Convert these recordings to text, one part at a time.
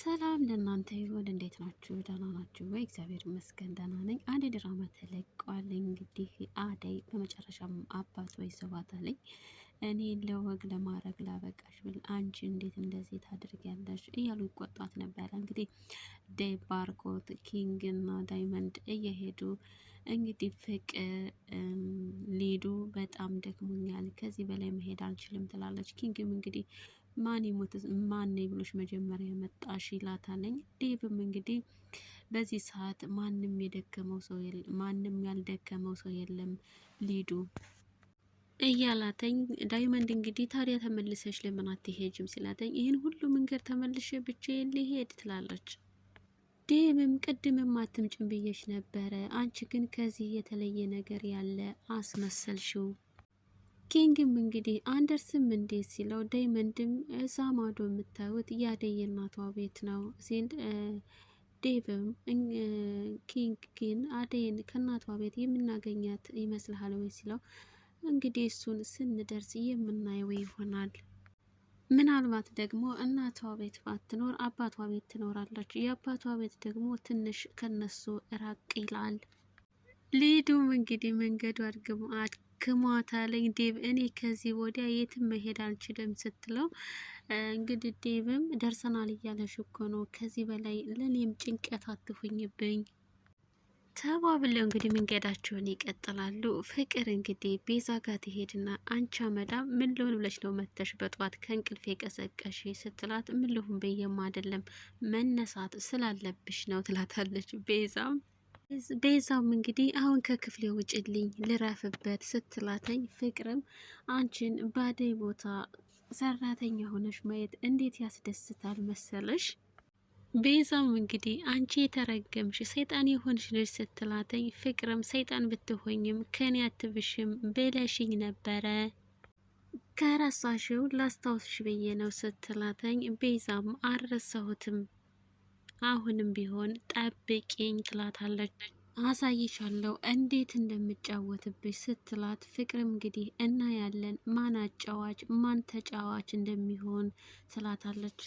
ሰላም ለእናንተ ይሁን። እንዴት ናችሁ? ደህና ናችሁ ወይ? እግዚአብሔር ይመስገን ደህና ነኝ። አንድ ድራማ ተለቋል። እንግዲህ አደይ በመጨረሻም አባት ወይ ሰባታ ላይ እኔ ለወግ ለማድረግ ላበቃሽ ብል አንቺ እንዴት እንደዚህ ታደርጊያለሽ እያሉ ይቆጣት ነበረ። እንግዲህ ዴይ ባርኮት ኪንግ እና ዳይመንድ እየሄዱ እንግዲህ ፍቅር ሊዱ በጣም ደክሞኛል፣ ከዚህ በላይ መሄድ አልችልም ትላለች። ኪንግም እንግዲህ ማን ሞት ማን ብሎሽ መጀመሪያ መጣሽ ይላታለኝ። ዴብም እንግዲህ በዚህ ሰዓት ማንም የደከመው ሰው የለም፣ ማንም ያልደከመው ሰው የለም ሊዱ እያላተኝ ዳይመንድ እንግዲህ ታዲያ ተመልሰሽ ለምን አትሄጅም ሲላተኝ ይህን ሁሉ መንገድ ተመልሼ ብቻዬን ሊሄድ ትላለች። ዴብም ቅድምም አትምጭም ብዬሽ ነበረ፣ አንቺ ግን ከዚህ የተለየ ነገር ያለ አስመሰልሽው ኪንግም እንግዲህ አንደርስም እንዴ ሲለው ዳይመንድም እዛ ማዶ የምታዩት ያደይ እናቷ ቤት ነው ሲል ዴቭም ኪንግ ግን አደይን ከእናቷ ቤት የምናገኛት ይመስልሃል ወይ ሲለው እንግዲህ እሱን ስንደርስ የምናየው ይሆናል። ምናልባት ደግሞ እናቷ ቤት ባትኖር አባቷ ቤት ትኖራለች። የአባቷ ቤት ደግሞ ትንሽ ከነሱ ራቅ ይላል። ሊዱም እንግዲህ መንገዱ አድ አክሟታለኝ ዴብ እኔ ከዚህ ወዲያ የትም መሄድ አልችልም ስትለው እንግዲህ ዴብም ደርሰናል እያለሽ እኮ ነው ከዚህ በላይ ለእኔም ጭንቀት አትሁኝብኝ ተባብለው እንግዲህ መንገዳቸውን ይቀጥላሉ። ፍቅር እንግዲህ ቤዛ ጋር ትሄድና አንቺ መዳም ምን ልሆን ብለሽ ነው መተሽ በጠዋት ከእንቅልፍ የቀሰቀሽ ስትላት ምን ልሁን ብዬም አይደለም መነሳት ስላለብሽ ነው ትላታለች ቤዛም ቤዛም እንግዲህ አሁን ከክፍሌ ውጭልኝ ልረፍበት ስትላተኝ ፍቅርም አንቺን ባደይ ቦታ ሰራተኛ ሆነሽ ማየት እንዴት ያስደስታል መሰለሽ ቤዛም እንግዲህ አንቺ የተረገምሽ ሰይጣን የሆንሽ ልጅ ስትላተኝ ፍቅርም ሰይጣን ብትሆኝም ከኔ አትብሽም ብለሽኝ ነበረ ከረሳሽው ላስታውስሽ ብዬ ነው ስትላተኝ ቤዛም አልረሳሁትም አሁንም ቢሆን ጠብቂኝ ትላታለች። አሳይሻለሁ እንዴት እንደምጫወትብሽ ስትላት፣ ፍቅርም እንግዲህ እናያለን ማን አጫዋች ማን ተጫዋች እንደሚሆን ትላታለች።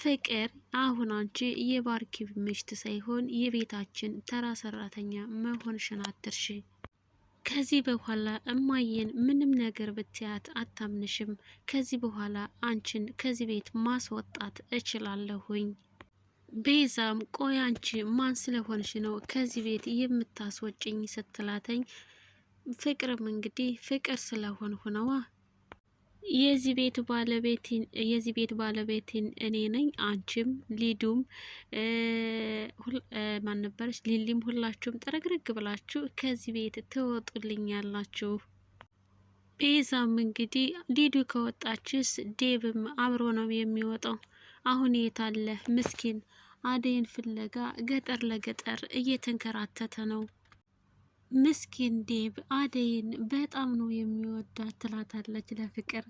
ፍቅር አሁን አንቺ የባርኪ ምሽት ሳይሆን የቤታችን ተራ ሰራተኛ መሆንሽን አትርሺ። ከዚህ በኋላ እማዬን ምንም ነገር ብትያት አታምንሽም። ከዚህ በኋላ አንቺን ከዚህ ቤት ማስወጣት እችላለሁኝ ቤዛም ቆይ አንቺ ማን ስለሆንሽ ነው ከዚህ ቤት የምታስወጭኝ ስትላተኝ ፍቅርም እንግዲህ ፍቅር ስለሆንሁ ነዋ የዚህ ቤት ባለቤት የዚህ ቤት ባለቤትን እኔ ነኝ። አንቺም ሊዱም ማን ነበረች ሊሊም ሁላችሁም ጥርግርግ ብላችሁ ከዚህ ቤት ትወጡልኛላችሁ። ቤዛም እንግዲህ ሊዱ ከወጣችስ ዴብም አብሮ ነው የሚወጣው። አሁን አለ ምስኪን አደይን ፍለጋ ገጠር ለገጠር እየተንከራተተ ነው። ምስኪን ዴብ አደይን በጣም ነው የሚወዳት ትላታለች ለፍቅር።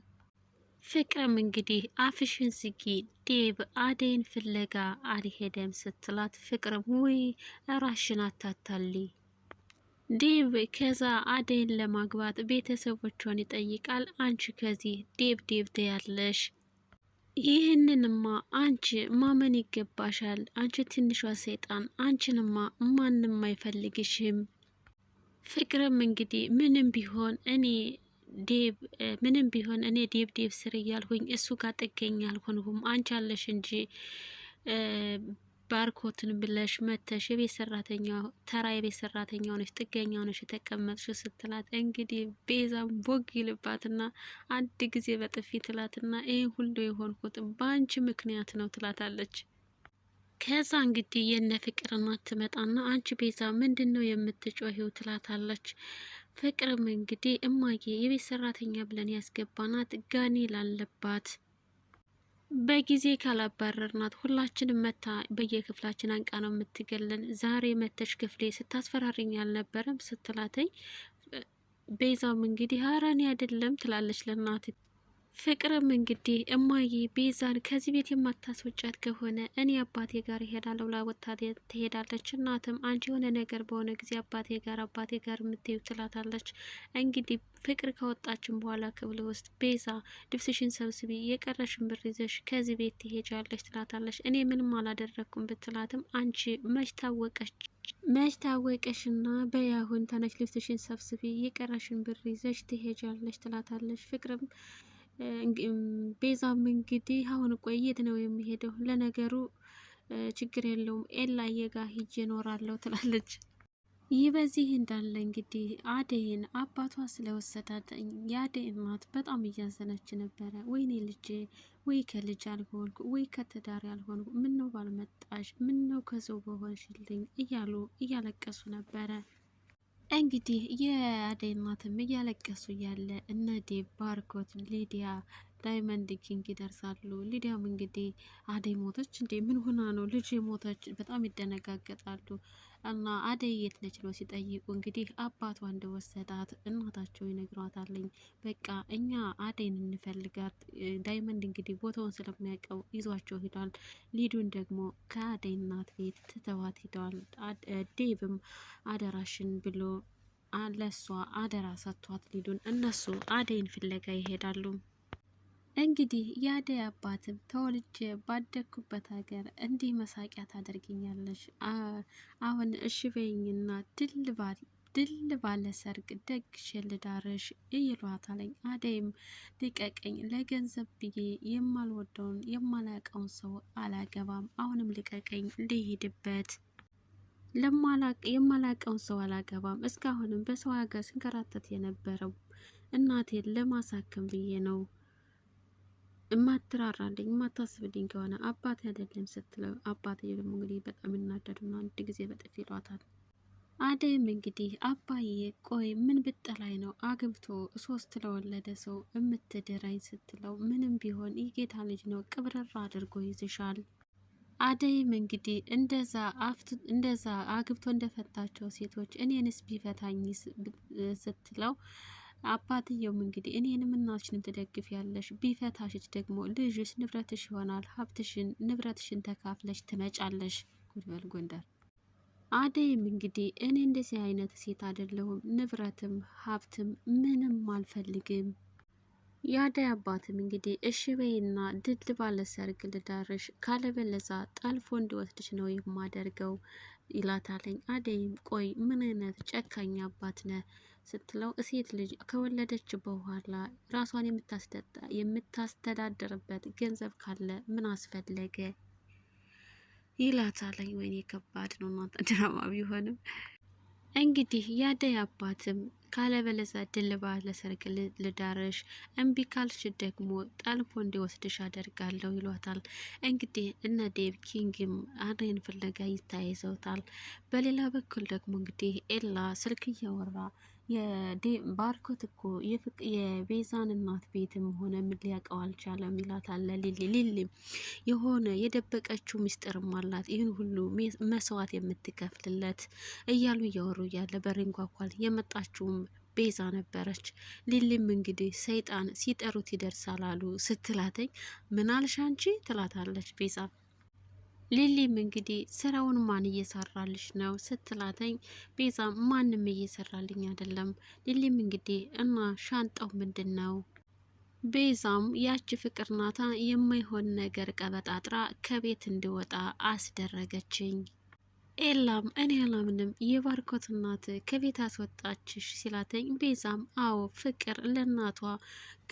ፍቅርም እንግዲህ አፍሽን ዝጊ ዴብ አደይን ፍለጋ አልሄደም ስትላት፣ ፍቅርም ውይ ራሽን አታታሊ ዴብ ከዛ አደይን ለማግባት ቤተሰቦቿን ይጠይቃል። አንቺ ከዚህ ዴብ ዴብ ትያለሽ ይህንንማ አንቺ ማመን ይገባሻል። አንቺ ትንሿ ሰይጣን፣ አንቺንማ ማንም አይፈልግሽም። ፍቅርም እንግዲህ ምንም ቢሆን እኔ ዴብ ምንም ቢሆን እኔ ዴብ ዴብ ስር እያልሁኝ እሱ ጋር ጥገኛ አልሆንሁም። አንቺ አለሽ እንጂ ባርኮትን ብለሽ መተሽ የቤት ሰራተኛ ተራ የቤት ሰራተኛ ሆነሽ ጥገኛ ሆነሽ የተቀመጥሽ ስትላት እንግዲህ ቤዛም ቦግ ይልባትና አንድ ጊዜ በጥፊ ትላትና ይህ ሁሉ የሆንኩት በአንቺ ምክንያት ነው ትላታለች። ከዛ እንግዲህ የነ ፍቅር እናት ትመጣና አንቺ ቤዛ ምንድን ነው የምትጮሂው? ትላታለች። ፍቅርም እንግዲህ እማዬ የቤት ሰራተኛ ብለን ያስገባናት ጋኔል አለባት በጊዜ ካላባረርናት ሁላችን መታ በየክፍላችን አንቃ ነው የምትገለን። ዛሬ መተሽ ክፍሌ ስታስፈራሪኝ አልነበረም ስትላተኝ፣ ቤዛም እንግዲህ አረኔ አይደለም ትላለች ለእናት ፍቅርም እንግዲህ እማዬ ቤዛን ከዚህ ቤት የማታስወጫት ከሆነ እኔ አባቴ ጋር እሄዳለሁ ብላ ወጥታ ትሄዳለች። እናትም አንቺ የሆነ ነገር በሆነ ጊዜ አባቴ ጋር አባቴ ጋር የምትዩ ትላታለች። እንግዲህ ፍቅር ከወጣችን በኋላ ክፍል ውስጥ ቤዛ ልብስሽን ሰብስቢ፣ የቀረሽን ብር ይዘሽ ከዚህ ቤት ትሄጃለች ትላታለች። እኔ ምንም አላደረግኩም ብትላትም አንቺ መች ታወቀች መች ታወቀሽና በያሁን ተነች ልብስሽን ሰብስቢ፣ የቀረሽን ብር ይዘሽ ትሄጃለች ትላታለች። ፍቅርም ቤዛም እንግዲህ አሁን ቆይ የት ነው የሚሄደው? ለነገሩ ችግር የለውም ኤላ ጋ ሂጄ እኖራለሁ ትላለች። ይህ በዚህ እንዳለ እንግዲህ አደይን አባቷ ስለወሰዳት የአደይ እናት በጣም እያዘነች ነበረ። ወይኔ ልጄ፣ ወይ ከልጅ አልሆንኩ፣ ወይ ከትዳር ያልሆንኩ፣ ምነው ባልመጣሽ፣ ምነው ከሰው በሆንሽልኝ እያሉ እያለቀሱ ነበረ። እንግዲህ የአደይ እናትም እያለቀሱ እያለ እነ ዴቭ ባርኮት ሊዲያ ዳይመንድ ኪንግ ይደርሳሉ። ሊዲያም እንግዲህ አደይ ሞተች እንዴ ምን ሆና ነው ልጅ ሞተች? በጣም ይደነጋገጣሉ። እና አደይ የት ነች ብለው ሲጠይቁ እንግዲህ አባቷ እንደወሰዳት እናታቸው ይነግሯታለኝ። በቃ እኛ አደይን እንፈልጋት። ዳይመንድ እንግዲህ ቦታውን ስለሚያውቀው ይዟቸው ሂዷል። ሊዱን ደግሞ ከአደይ እናት ቤት ትተዋት ሂደዋል። ዴብም አደራሽን ብሎ ለሷ አደራ ሰጥቷት ሊዱን እነሱ አደይን ፍለጋ ይሄዳሉ። እንግዲህ የአደይ አባትም ተወልጄ ባደግኩበት ሀገር እንዲህ መሳቂያ ታደርግኛለች፣ አሁን በይኝና ድል ባለ ሰርግ ደግሼ ልዳርሽ ይሏታለኝ። አደይም ልቀቀኝ፣ ለገንዘብ ብዬ የማልወደውን የማላቀውን ሰው አላገባም፣ አሁንም ልቀቀኝ፣ ልሄድበት የማላቀውን ሰው አላገባም። እስካሁንም በሰው ሀገር ስንከራተት የነበረው እናቴን ለማሳከም ብዬ ነው እማትራራልኝ እማታስብልኝ ከሆነ አባት አይደለም ስትለው፣ አባትዬ ደግሞ እንግዲህ በጣም ይናደዱና አንድ ጊዜ በጥፊ ይሏታል። አደይም እንግዲህ አባዬ ቆይ ምን ብጠላይ ነው አግብቶ ሶስት ለወለደ ሰው እምትድረኝ ስትለው፣ ምንም ቢሆን የጌታ ልጅ ነው ቅብረራ አድርጎ ይዝሻል። አደይም እንግዲህ እንደዛ እንደዛ አግብቶ እንደፈታቸው ሴቶች እኔንስ ቢፈታኝ ስትለው አባትየውም እንግዲህ እኔን ምናችንም ትደግፍ ያለሽ ቢፈታሽች ደግሞ ልጅሽ ንብረትሽ ይሆናል። ሀብትሽን ንብረትሽን ተካፍለሽ ትመጫለሽ። ጉድበል ጎንደር አደይም እንግዲህ እኔ እንደዚህ አይነት ሴት አይደለሁም። ንብረትም ሀብትም ምንም አልፈልግም። የአደይ አባትም እንግዲህ እሺ በይና ድል ባለ ሰርግ ልዳርሽ፣ ካለበለዛ ጠልፎ እንዲወስድሽ ነው የማደርገው ይላታለኝ። አደይም ቆይ ምን አይነት ጨካኝ አባት ነ ስትለው እሴት ልጅ ከወለደች በኋላ ራሷን የምታስደጣ የምታስተዳድርበት ገንዘብ ካለ ምን አስፈለገ ይላታለኝ። ወይኔ ከባድ ነው ድራማ ቢሆንም እንግዲህ ያደይ አባትም ካለበለዛ ድል ባለ ሰርግ ልዳርሽ እምቢ ካልሽ ደግሞ ጠልፎ እንዲወስድሽ አደርጋለሁ ይሏታል። እንግዲህ እነ ዴቭ ኪንግም አደይን ፍለጋ ይታይዘውታል። በሌላ በኩል ደግሞ እንግዲህ ኤላ ስልክ እያወራ ባርኮት እኮ የቤዛን እናት ቤትም ሆነ ምን ሊያውቀው አልቻለም ይላታል። ሊሊ ሊሊም የሆነ የደበቀችው ሚስጥርም አላት ይህን ሁሉ መስዋዕት የምትከፍልለት እያሉ እያወሩ እያለ በሬንጓኳል የመጣችውም ቤዛ ነበረች። ሊሊም እንግዲህ ሰይጣን ሲጠሩት ይደርሳል አሉ ስትላተኝ ምናልሽ አንቺ ትላታለች ቤዛ ሊሊም እንግዲህ ስራውን ማን እየሰራልሽ ነው ስትላተኝ፣ ቤዛ ማንም እየሰራልኝ አይደለም። ሊሊም እንግዲህ እና ሻንጣው ምንድን ነው? ቤዛም ያቺ ፍቅር ናታ የማይሆን ነገር ቀበጣጥራ ከቤት እንዲወጣ አስደረገችኝ። ኤላም እኔ አላምንም የባርኮት እናት ከቤት አስወጣችሽ ሲላተኝ፣ ቤዛም አዎ ፍቅር ለእናቷ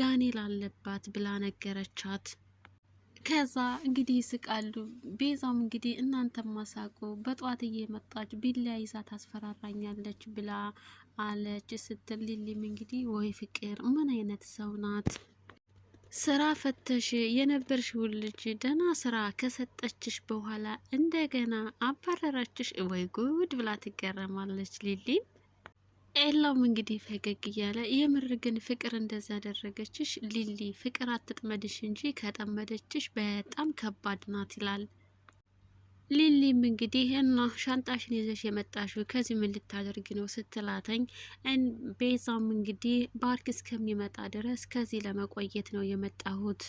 ጋኔል አለባት ብላ ነገረቻት። ከዛ እንግዲህ ይስቃሉ። ቤዛም እንግዲህ እናንተ ማሳቁ በጧት እየመጣች ቢላ ይዛ ታስፈራራኛለች ብላ አለች ስትል ሊሊም እንግዲህ ወይ ፍቅር ምን አይነት ሰው ናት? ስራ ፈተሽ የነበርሽውን ልጅ ደህና ስራ ከሰጠችሽ በኋላ እንደገና አባረረችሽ ወይ ጉድ ብላ ትገረማለች ሊሊም። ኤላም እንግዲህ ፈገግ እያለ የምር ግን ፍቅር እንደዛ ያደረገችሽ ሊሊ ፍቅር አትጥመድሽ እንጂ ከጠመደችሽ በጣም ከባድ ናት ይላል። ሊሊም እንግዲህ እና ሻንጣሽን ይዘሽ የመጣሽው ከዚህ ምን ልታደርጊ ነው ስትላተኝ፣ ቤዛም እንግዲህ ባርክ እስከሚመጣ ድረስ ከዚህ ለመቆየት ነው የመጣሁት።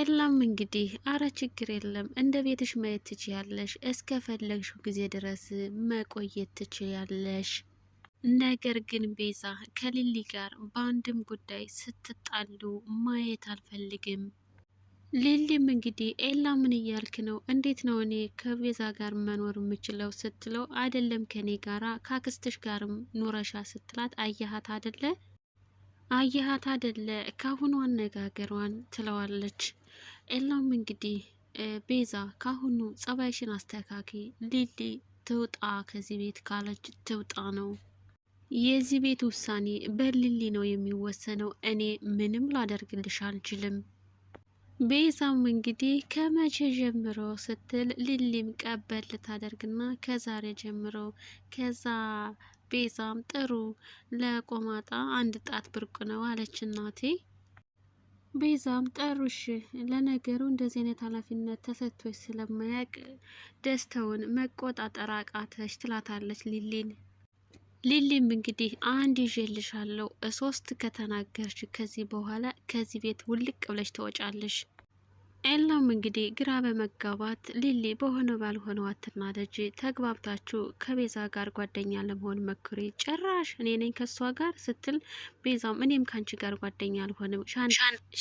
ኤላም እንግዲህ አረ ችግር የለም እንደ ቤትሽ ማየት ትችያለሽ፣ እስከ ፈለግሽው ጊዜ ድረስ መቆየት ትችያለሽ ነገር ግን ቤዛ ከሊሊ ጋር በአንድም ጉዳይ ስትጣሉ ማየት አልፈልግም። ሊሊም እንግዲህ ኤላ ምን እያልክ ነው? እንዴት ነው እኔ ከቤዛ ጋር መኖር የምችለው? ስትለው አይደለም ከኔ ጋራ ካክስትሽ ጋርም ኑረሻ ስትላት አያሀት አደለ አያሀት አደለ ካሁኑ አነጋገሯን ትለዋለች። ኤላም እንግዲህ ቤዛ ካሁኑ ጸባይሽን አስተካኪ፣ ሊሊ ትውጣ ከዚህ ቤት ካለች ትውጣ ነው የዚህ ቤት ውሳኔ በሊሊ ነው የሚወሰነው። እኔ ምንም ላደርግልሽ አልችልም። ቤዛም እንግዲህ ከመቼ ጀምሮ ስትል ሊሊም ቀበል ልታደርግና ከዛሬ ጀምሮ ከዛ ቤዛም ጥሩ ለቆማጣ አንድ ጣት ብርቅ ነው አለች እናቴ። ቤዛም ጠሩሽ፣ ለነገሩ እንደዚህ አይነት ኃላፊነት ተሰጥቶች ስለማያቅ ደስታውን መቆጣጠር አቃተች ትላታለች ሊሊን ሊሊም እንግዲህ አንድ ይዤልሻለሁ ሶስት ከተናገርሽ ከዚህ በኋላ ከዚህ ቤት ውልቅ ብለሽ ትወጫለሽ። ኤላም እንግዲህ ግራ በመጋባት ሊሊ በሆነ ባልሆነው አትናደጅ፣ ተግባብታችሁ ከቤዛ ጋር ጓደኛ ለመሆን ሞክሪ፣ ጭራሽ እኔ ነኝ ከእሷ ጋር ስትል ቤዛም እኔም ከአንቺ ጋር ጓደኛ አልሆንም፣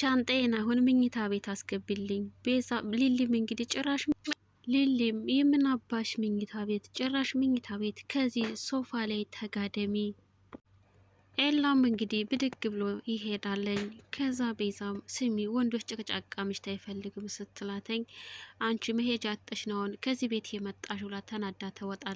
ሻንጤን አሁን ምኝታ ቤት አስገቢልኝ። ቤዛ ሊሊም እንግዲህ ጭራሽ ሊሊም የምናባሽ ምኝታ ቤት ጭራሽ ምኝታ ቤት ከዚህ ሶፋ ላይ ተጋደሚ። ኤላም እንግዲህ ብድግ ብሎ ይሄዳለኝ። ከዛ ቤዛም ስሚ ወንዶች ጭቅጫቃ ምሽት አይፈልግም ስትላተኝ አንቺ መሄጃ አጥተሽ ነውን ከዚህ ቤት የመጣሽ ብላ ተናዳ ተወጣለ